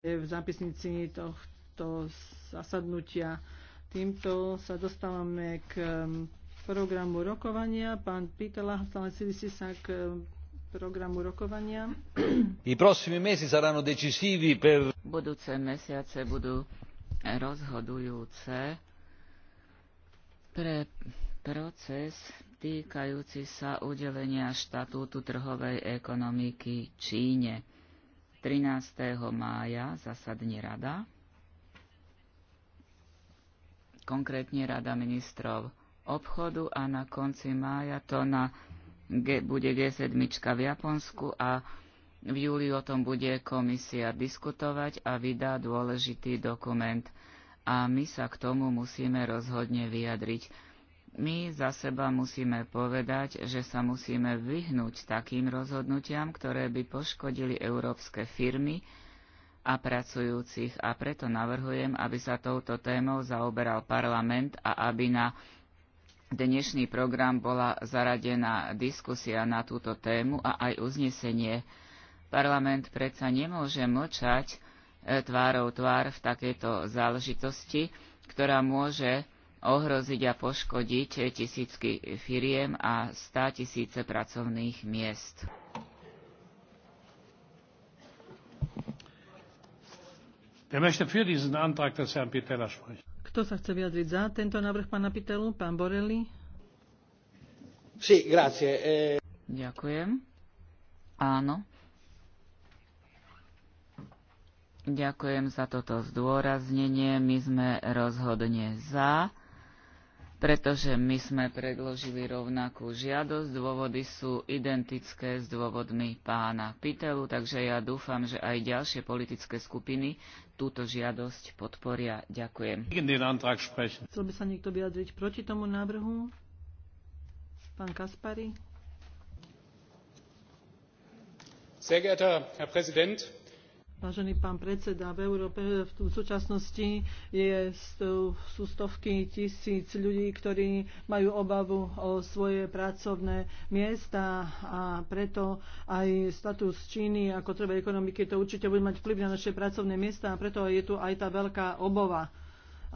v zápisnici tohto zasadnutia. Týmto sa dostávame k um, programu rokovania. Pán Pitela, stále si sa k um, programu rokovania. I prossimi mesi saranno decisivi per... Budúce mesiace budú rozhodujúce pre proces týkajúci sa udelenia štatútu trhovej ekonomiky Číne. 13. mája zasadne rada, konkrétne rada ministrov obchodu a na konci mája to na G, bude G7 v Japonsku a v júli o tom bude komisia diskutovať a vydá dôležitý dokument. A my sa k tomu musíme rozhodne vyjadriť my za seba musíme povedať, že sa musíme vyhnúť takým rozhodnutiam, ktoré by poškodili európske firmy a pracujúcich a preto navrhujem, aby sa touto témou zaoberal parlament a aby na dnešný program bola zaradená diskusia na túto tému a aj uznesenie. Parlament predsa nemôže mlčať e, tvárou tvár v takejto záležitosti, ktorá môže ohroziť a poškodiť tisícky firiem a stá tisíce pracovných miest. Kto sa chce vyjadriť za tento návrh pána Pitelu? Pán Borelli? Eh, Ďakujem. Áno. Ďakujem za toto zdôraznenie. My sme rozhodne za pretože my sme predložili rovnakú žiadosť. Dôvody sú identické s dôvodmi pána Pitelu, takže ja dúfam, že aj ďalšie politické skupiny túto žiadosť podporia. Ďakujem. Chcel by sa niekto vyjadriť proti tomu návrhu? Pán Kaspari? Sehr geehrter Herr Präsident, Vážený pán predseda, v Európe v súčasnosti je, sú stovky tisíc ľudí, ktorí majú obavu o svoje pracovné miesta a preto aj status Číny ako treba ekonomiky to určite bude mať vplyv na naše pracovné miesta a preto je tu aj tá veľká obova.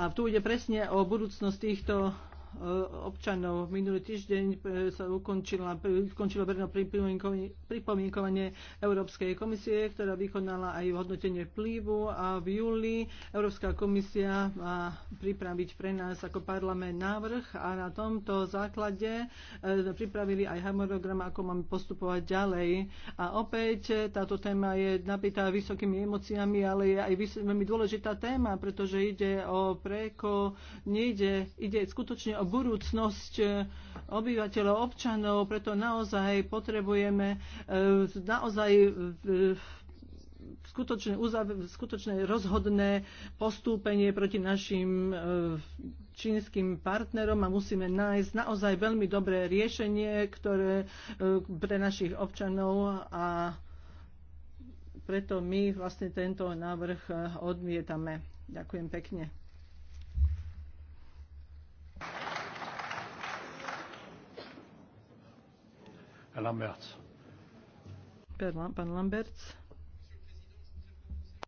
A tu ide presne o budúcnosť týchto Eh, občanov. Minulý týždeň eh, sa ukončila, ukončilo verejné pripomienkovanie Európskej komisie, ktorá vykonala aj hodnotenie vplyvu a v júli Európska komisia má pripraviť pre nás ako parlament návrh a na tomto základe eh, pripravili aj harmonogram, ako máme postupovať ďalej. A opäť táto téma je napýtá vysokými emóciami, ale je aj veľmi dôležitá téma, pretože ide o preko, nejde, ide skutočne o budúcnosť eh, obyvateľov, občanov, preto naozaj potrebujeme eh, naozaj eh, skutočne, skutočne rozhodné postúpenie proti našim čínskym partnerom a musíme nájsť naozaj veľmi dobré riešenie, ktoré pre našich občanov a preto my vlastne tento návrh odmietame. Ďakujem pekne. Lamberts. Pán Lamberts.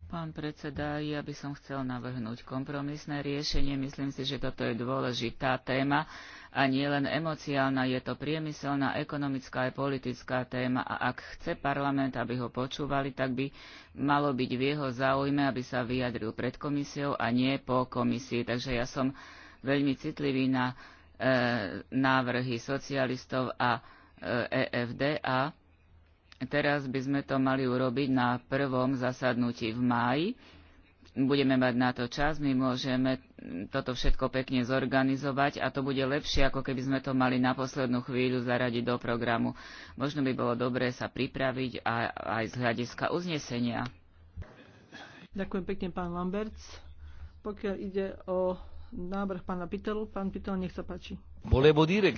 Pán predseda, ja by som chcel navrhnúť kompromisné riešenie. Myslím si, že toto je dôležitá téma a nie len emociálna, je to priemyselná, ekonomická aj politická téma a ak chce parlament, aby ho počúvali, tak by malo byť v jeho záujme, aby sa vyjadril pred komisiou a nie po komisii. Takže ja som veľmi citlivý na e, návrhy socialistov a EFD e a teraz by sme to mali urobiť na prvom zasadnutí v máji. Budeme mať na to čas, my môžeme toto všetko pekne zorganizovať a to bude lepšie, ako keby sme to mali na poslednú chvíľu zaradiť do programu. Možno by bolo dobré sa pripraviť a, aj z hľadiska uznesenia. Ďakujem pekne, pán Lamberts. Pokiaľ ide o návrh pána Pitelu, pán Pitel, nech sa páči. dire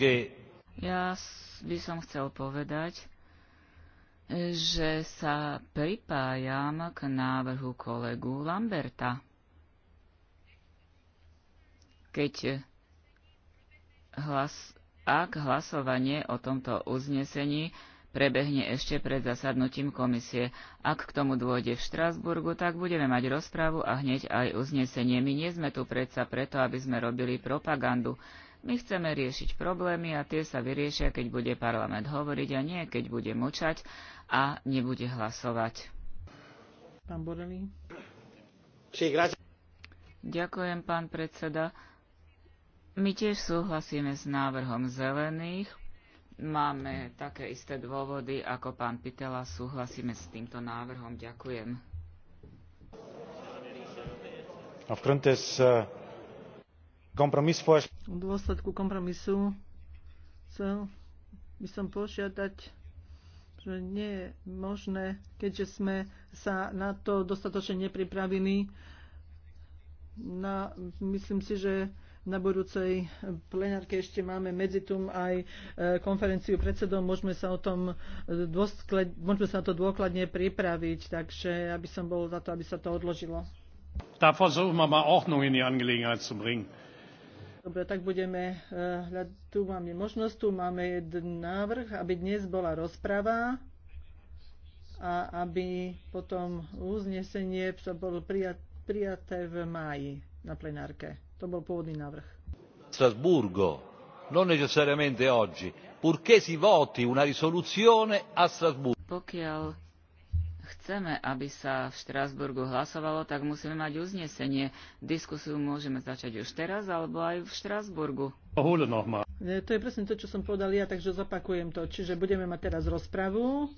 ja by som chcel povedať, že sa pripájam k návrhu kolegu Lamberta. Keď hlas, ak hlasovanie o tomto uznesení prebehne ešte pred zasadnutím komisie. Ak k tomu dôjde v Štrásburgu, tak budeme mať rozprávu a hneď aj uznesenie. My nie sme tu predsa preto, aby sme robili propagandu. My chceme riešiť problémy a tie sa vyriešia, keď bude parlament hovoriť a nie, keď bude močať a nebude hlasovať. Pán Borelý. Ďakujem, pán predseda. My tiež súhlasíme s návrhom zelených. Máme také isté dôvody, ako pán Pitela súhlasíme s týmto návrhom. Ďakujem. A v dôsledku kompromisu chcel by som požiadať, že nie je možné, keďže sme sa na to dostatočne nepripravili. Na, myslím si, že na budúcej plenárke ešte máme medzitum aj e, konferenciu predsedov, môžeme sa, o tom e, dôsklad, môžeme sa na to dôkladne pripraviť, takže aby som bol za to, aby sa to odložilo. Da versuchen wir mal Ordnung in die Angelegenheit zu bringen. Dobre, tak budeme, eh, tu máme možnosť, tu máme jeden návrh, aby dnes bola rozprava a aby potom uznesenie sa bolo prijaté v máji na plenárke. To bol pôvodný návrh. Strasburgo, non necessariamente oggi, purché si voti una risoluzione a Strasburgo. Pokiaľ chceme, aby sa v Štrásburgu hlasovalo, tak musíme mať uznesenie. Diskusiu môžeme začať už teraz, alebo aj v Štrásburgu. To je presne to, čo som povedal ja, takže zopakujem to. Čiže budeme mať teraz rozpravu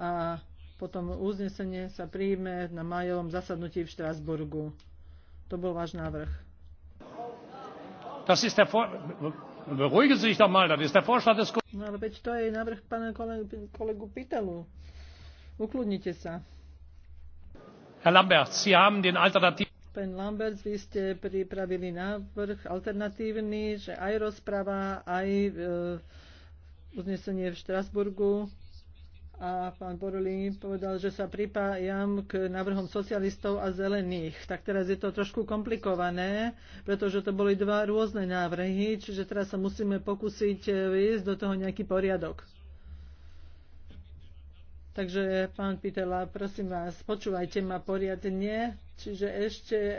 a potom uznesenie sa príjme na majovom zasadnutí v Štrásburgu. To bol váš návrh. Das ist der Vor Beruhigen Sie sich doch mal, das ist der Vorschlag des No ale veď to je návrh pána kolegu, kolegu Pitelu. Ukludnite sa. Herr Lambert, Sie haben den Pán Lambert, vy ste pripravili návrh alternatívny, že aj rozprava, aj e, uznesenie v Štrasburgu. A pán Borulí povedal, že sa pripájam k návrhom socialistov a zelených. Tak teraz je to trošku komplikované, pretože to boli dva rôzne návrhy, čiže teraz sa musíme pokúsiť e, vyjsť do toho nejaký poriadok. Takže pán Pitela, prosím vás, počúvajte ma poriadne. Čiže ešte e,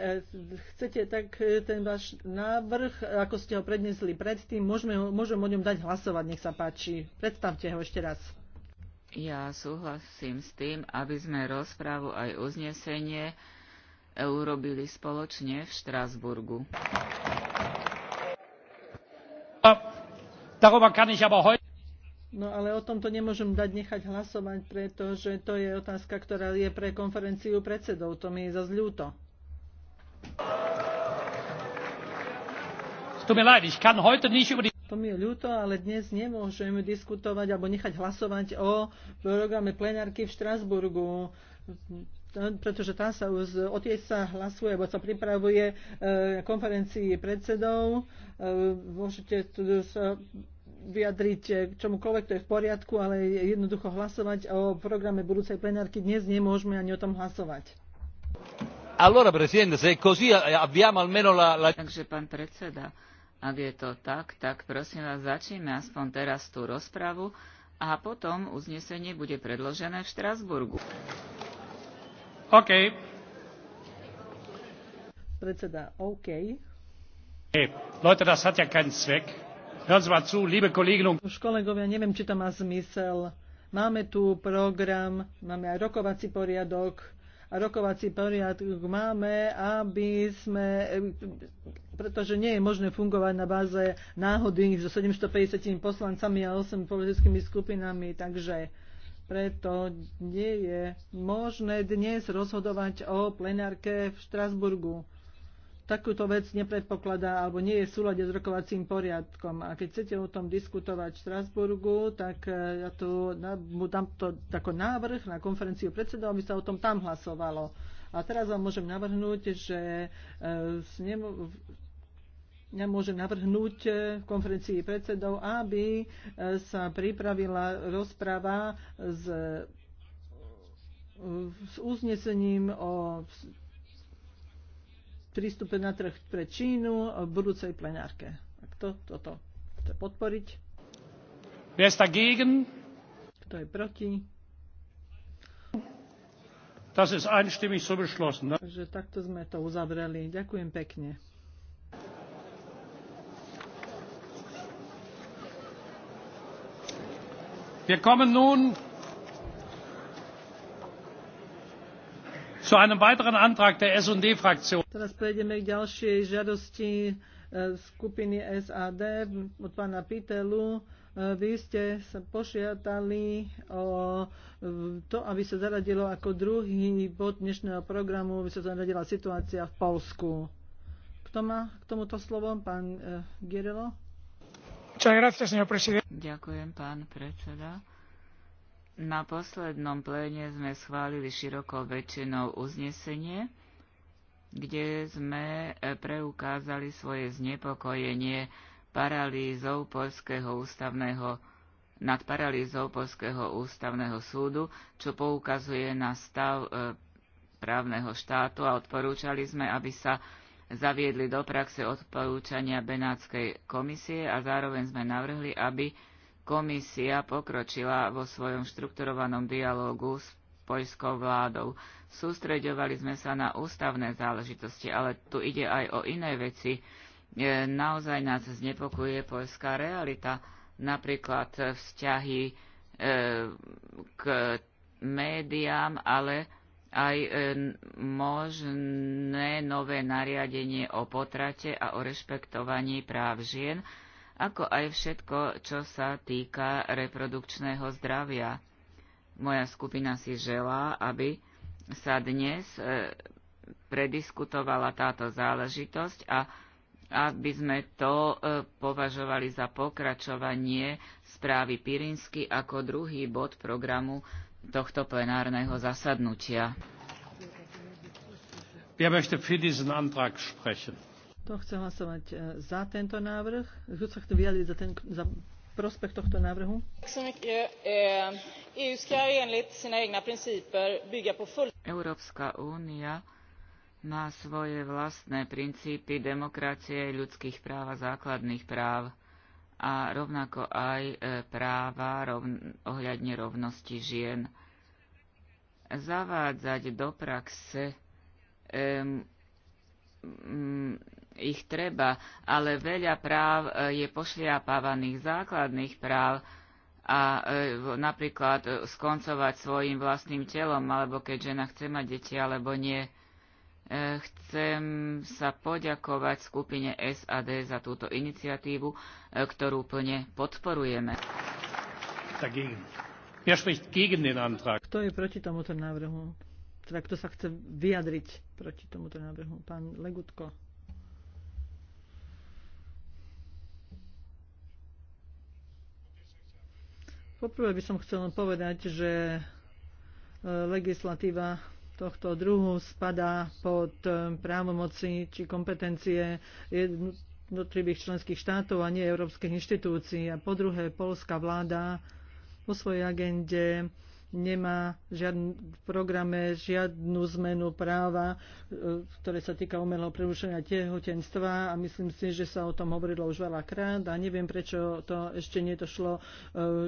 chcete tak e, ten váš návrh, ako ste ho prednesli predtým, môžeme, môžem o ňom dať hlasovať, nech sa páči. Predstavte ho ešte raz. Ja súhlasím s tým, aby sme rozprávu aj uznesenie urobili spoločne v Štrásburgu. Äh, darüber kann ich aber heute No ale o tomto nemôžem dať nechať hlasovať, pretože to je otázka, ktorá je pre konferenciu predsedov. To mi je zase ľúto. To mi je ľúto, ale dnes nemôžem diskutovať alebo nechať hlasovať o programe plenárky v Štrasburgu pretože tá sa, o tie sa hlasuje, alebo sa pripravuje e, konferencii predsedov. E, môžete sa vyjadriť eh, k čomukoľvek, to je v poriadku, ale jednoducho hlasovať o programe budúcej plenárky dnes nemôžeme ani o tom hlasovať. Allora, presidente, se così eh, abbiamo almeno la, la... Takže pán predseda, ak je to tak, tak prosím vás, začíme aspoň teraz tú rozpravu a potom uznesenie bude predložené v Štrasburgu. OK. Predseda, OK. Hey, Leute, das hat ja keinen Zweck. Už kolegovia, neviem, či to má zmysel. Máme tu program, máme aj rokovací poriadok a rokovací poriadok máme, aby sme, pretože nie je možné fungovať na báze náhody so 750 poslancami a 8 politickými skupinami, takže preto nie je možné dnes rozhodovať o plenárke v Štrasburgu takúto vec nepredpokladá alebo nie je v súlade s rokovacím poriadkom. A keď chcete o tom diskutovať v Strasburgu, tak e, ja tu dám to ako návrh na konferenciu predsedov, aby sa o tom tam hlasovalo. A teraz vám môžem navrhnúť, že e, nemo, ja môžem navrhnúť v e, konferencii predsedov, aby sa pripravila rozprava s s uznesením o prístupe na trh pre Čínu v budúcej plenárke. Tak to, toto chce podporiť? Wer ist dagegen? Kto je proti? Das ist einstimmig so beschlossen. Ne? Takže takto sme to uzavreli. Ďakujem pekne. Wir kommen nun Zu einem weiteren Antrag der S&D Fraktion. Teraz prejdeme k ďalšej žiadosti eh, skupiny SAD od pána Pitelu. Eh, vy ste sa pošiatali o eh, to, aby sa zaradilo ako druhý bod dnešného programu, aby sa zaradila situácia v Polsku. Kto má k tomuto slovom? Pán Gerelo? Ďakujem, pán predseda. Na poslednom pléne sme schválili širokou väčšinou uznesenie, kde sme e, preukázali svoje znepokojenie paralýzou Polského ústavného nad paralýzou Polského ústavného súdu, čo poukazuje na stav e, právneho štátu a odporúčali sme, aby sa zaviedli do praxe odporúčania Benátskej komisie a zároveň sme navrhli, aby komisia pokročila vo svojom štrukturovanom dialógu s poľskou vládou. Sústreďovali sme sa na ústavné záležitosti, ale tu ide aj o iné veci. E, naozaj nás znepokuje poľská realita, napríklad vzťahy e, k médiám, ale aj e, možné nové nariadenie o potrate a o rešpektovaní práv žien, ako aj všetko, čo sa týka reprodukčného zdravia. Moja skupina si želá, aby sa dnes e, prediskutovala táto záležitosť a aby sme to e, považovali za pokračovanie správy Pirinsky ako druhý bod programu tohto plenárneho zasadnutia. Wer möchte für diesen Antrag sprechen? To chce hlasovať e, za tento návrh. Kto sa chce vyjadriť za, ten, za prospech tohto návrhu? Európska únia má svoje vlastné princípy demokracie, ľudských práv a základných práv a rovnako aj e, práva rovn- ohľadne rovnosti žien. Zavádzať do praxe um, ich treba, ale veľa práv e, je pošliapávaných základných práv a e, napríklad e, skoncovať svojim vlastným telom, alebo keď žena chce mať deti alebo nie. chcem sa poďakovať skupine SAD za túto iniciatívu, ktorú plne podporujeme. Kto je proti tomuto návrhu? Teda kto sa chce vyjadriť proti tomuto návrhu? Pán Legutko. Poprvé by som chcela povedať, že e, legislatíva tohto druhu spadá pod e, právomoci či kompetencie jednotlivých členských štátov a nie európskych inštitúcií. A po druhé, polská vláda vo svojej agende nemá žiadny v programe žiadnu zmenu práva, e, ktoré sa týka umelého prerušenia tehotenstva a myslím si, že sa o tom hovorilo už veľakrát a neviem, prečo to ešte nedošlo e,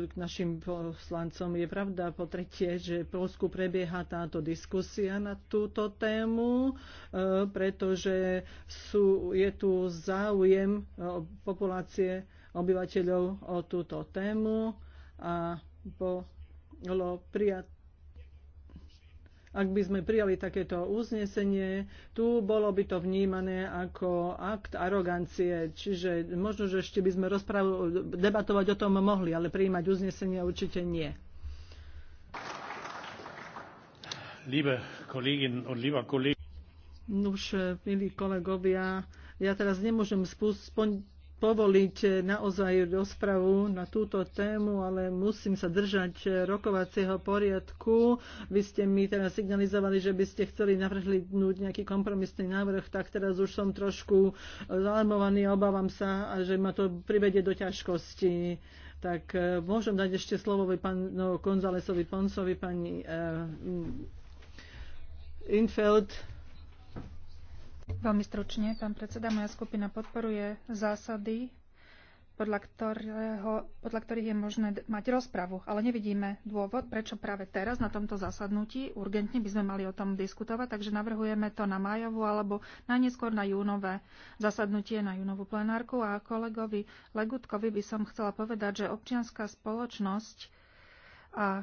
k našim poslancom. Je pravda po tretie, že v Polsku prebieha táto diskusia na túto tému, e, pretože sú, je tu záujem populácie obyvateľov o túto tému a po bolo prijat ak by sme prijali takéto uznesenie, tu bolo by to vnímané ako akt arogancie. Čiže možno, že ešte by sme debatovať o tom mohli, ale prijímať uznesenie určite nie. Liebe Kolleginnen und lieber Kollege. Nuž, milí kolegovia, ja teraz nemôžem spúšť povoliť eh, naozaj rozpravu na túto tému, ale musím sa držať eh, rokovacieho poriadku. Vy ste mi teraz signalizovali, že by ste chceli navrhnúť nejaký kompromisný návrh, tak teraz už som trošku eh, zalarmovaný, obávam sa, že ma to privedie do ťažkosti. Tak môžem dať ešte slovo pánu Konzalesovi Poncovi, pani Infeld. Veľmi stručne, pán predseda, moja skupina podporuje zásady, podľa, ktorého, podľa ktorých je možné mať rozpravu, ale nevidíme dôvod, prečo práve teraz na tomto zasadnutí urgentne by sme mali o tom diskutovať, takže navrhujeme to na majovú alebo najneskôr na júnové zasadnutie na júnovú plenárku a kolegovi Legutkovi by som chcela povedať, že občianská spoločnosť a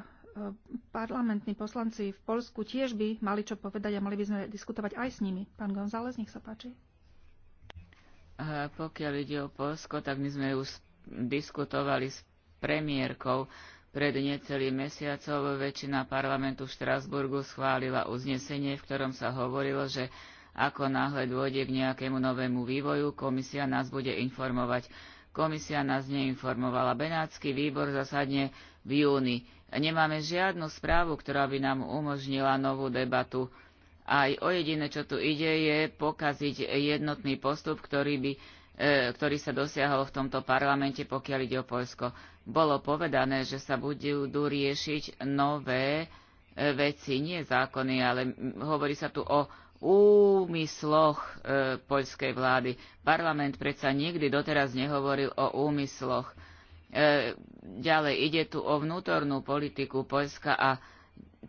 parlamentní poslanci v Polsku tiež by mali čo povedať a mali by sme diskutovať aj s nimi. Pán González, nech sa páči. A pokiaľ ide o Polsko, tak my sme už diskutovali s premiérkou pred necelým mesiacom. Väčšina parlamentu v Štrasburgu schválila uznesenie, v ktorom sa hovorilo, že ako náhle dôjde k nejakému novému vývoju, komisia nás bude informovať. Komisia nás neinformovala. Benátsky výbor zasadne v júni. Nemáme žiadnu správu, ktorá by nám umožnila novú debatu. Aj o jediné, čo tu ide, je pokaziť jednotný postup, ktorý by e, ktorý sa dosiahol v tomto parlamente, pokiaľ ide o Poľsko. Bolo povedané, že sa budú riešiť nové e, veci, nie zákony, ale hovorí sa tu o úmysloch e, poľskej vlády. Parlament predsa nikdy doteraz nehovoril o úmysloch. E, ďalej ide tu o vnútornú politiku Poľska a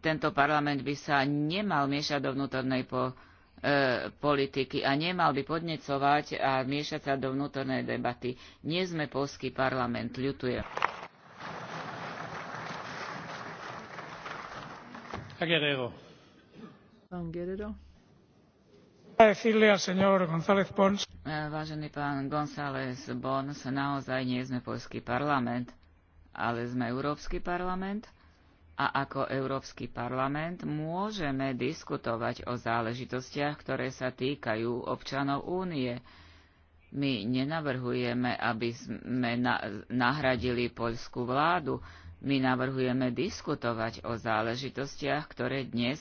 tento parlament by sa nemal miešať do vnútornej po, e, politiky a nemal by podnecovať a miešať sa do vnútornej debaty. Nie sme Polský parlament, ľutujem. Pán Guerrero. E, vážený pán González Bons, naozaj nie sme poľský parlament, ale sme Európsky parlament a ako Európsky parlament môžeme diskutovať o záležitostiach, ktoré sa týkajú občanov únie. My nenavrhujeme, aby sme nahradili poľskú vládu, my navrhujeme diskutovať o záležitostiach, ktoré dnes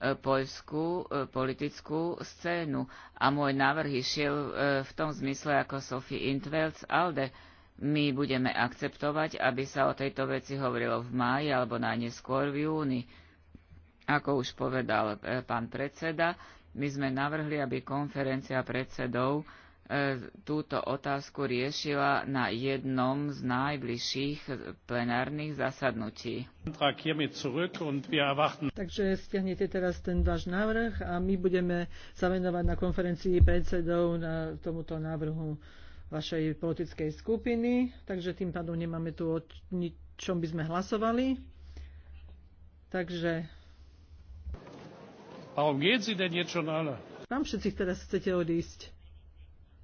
E, poľskú e, politickú scénu. A môj návrh išiel e, v tom zmysle ako Sophie Intvelds Alde. My budeme akceptovať, aby sa o tejto veci hovorilo v máji alebo najneskôr v júni. Ako už povedal pán predseda, my sme navrhli, aby konferencia predsedov E, túto otázku riešila na jednom z najbližších plenárnych zasadnutí. Takže stiahnete teraz ten váš návrh a my budeme sa venovať na konferencii predsedov na tomuto návrhu vašej politickej skupiny. Takže tým pádom nemáme tu o ničom by sme hlasovali. Takže... Warum geht Sie denn jetzt schon alle? Warum Vám všetci teraz chcete odísť.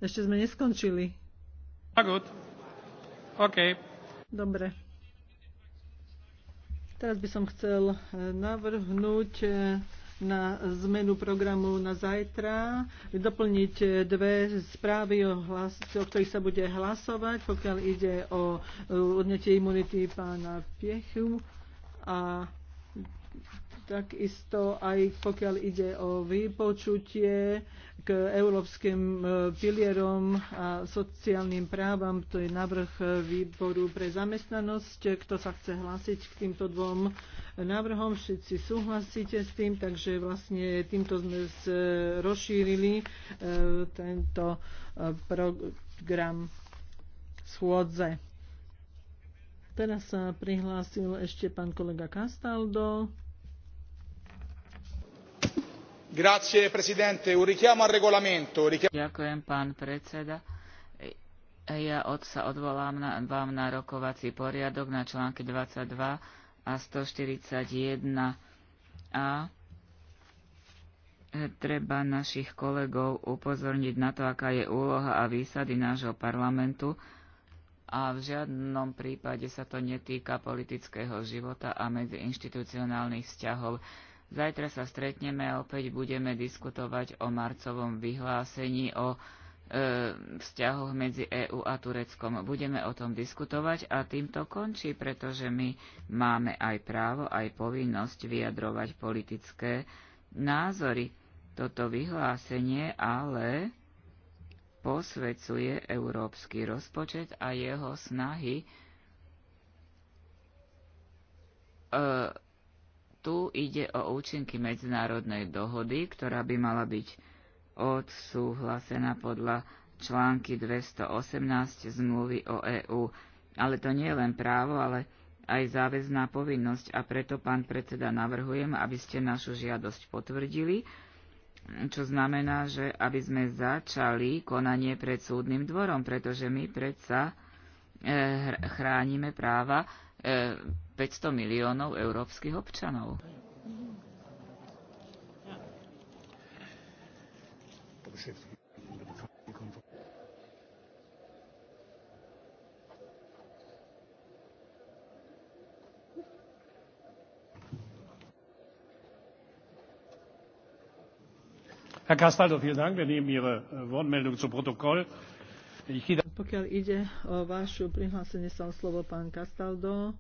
Ešte sme neskončili. A good. OK. Dobre. Teraz by som chcel e, navrhnúť e, na zmenu programu na zajtra, doplniť e, dve správy, o, hlas, o ktorých sa bude hlasovať, pokiaľ ide o odnetie imunity pána Piechu a takisto aj pokiaľ ide o vypočutie k európskym e, pilierom a sociálnym právam. To je návrh e, výboru pre zamestnanosť. Kto sa chce hlásiť k týmto dvom návrhom, všetci súhlasíte s tým, takže vlastne týmto sme e, rozšírili tento program schôdze. Teraz sa prihlásil ešte pán kolega Castaldo. Ďakujem, pán predseda. Ja od sa odvolám na, vám na rokovací poriadok na články 22 a 141 a treba našich kolegov upozorniť na to, aká je úloha a výsady nášho parlamentu a v žiadnom prípade sa to netýka politického života a medziinštitucionálnych vzťahov. Zajtra sa stretneme a opäť budeme diskutovať o marcovom vyhlásení o e, vzťahoch medzi EÚ a Tureckom. Budeme o tom diskutovať a týmto končí, pretože my máme aj právo, aj povinnosť vyjadrovať politické názory. Toto vyhlásenie ale posvedcuje európsky rozpočet a jeho snahy e, tu ide o účinky medzinárodnej dohody, ktorá by mala byť odsúhlasená podľa články 218 zmluvy o EÚ. Ale to nie je len právo, ale aj záväzná povinnosť a preto, pán predseda, navrhujem, aby ste našu žiadosť potvrdili, čo znamená, že aby sme začali konanie pred súdnym dvorom, pretože my predsa e, chránime práva e, 500 miliónov európskych občanov. Herr Castaldo, vielen Dank. Wir nehmen Ihre äh, Wortmeldung zu Protokoll. Ich... Pokiaľ ide o vašu prihlásenie, som slovo pán Castaldo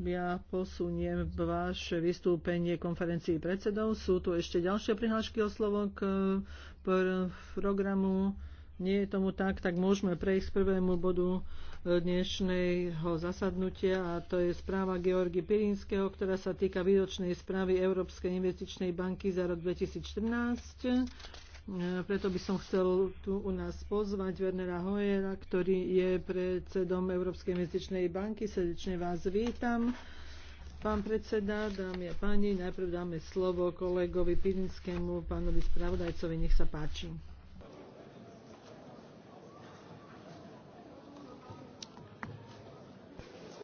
ja posuniem vaše vystúpenie konferencii predsedov. Sú tu ešte ďalšie prihlášky o slovo k programu. Nie je tomu tak, tak môžeme prejsť k prvému bodu dnešného zasadnutia a to je správa Georgi Pirinského, ktorá sa týka výročnej správy Európskej investičnej banky za rok 2014. E, preto by som chcel tu u nás pozvať Wernera Hojera, ktorý je predsedom Európskej investičnej banky. Srdečne vás vítam. Pán predseda, dámy a páni, najprv dáme slovo kolegovi Pirinskému, pánovi spravodajcovi. Nech sa páči.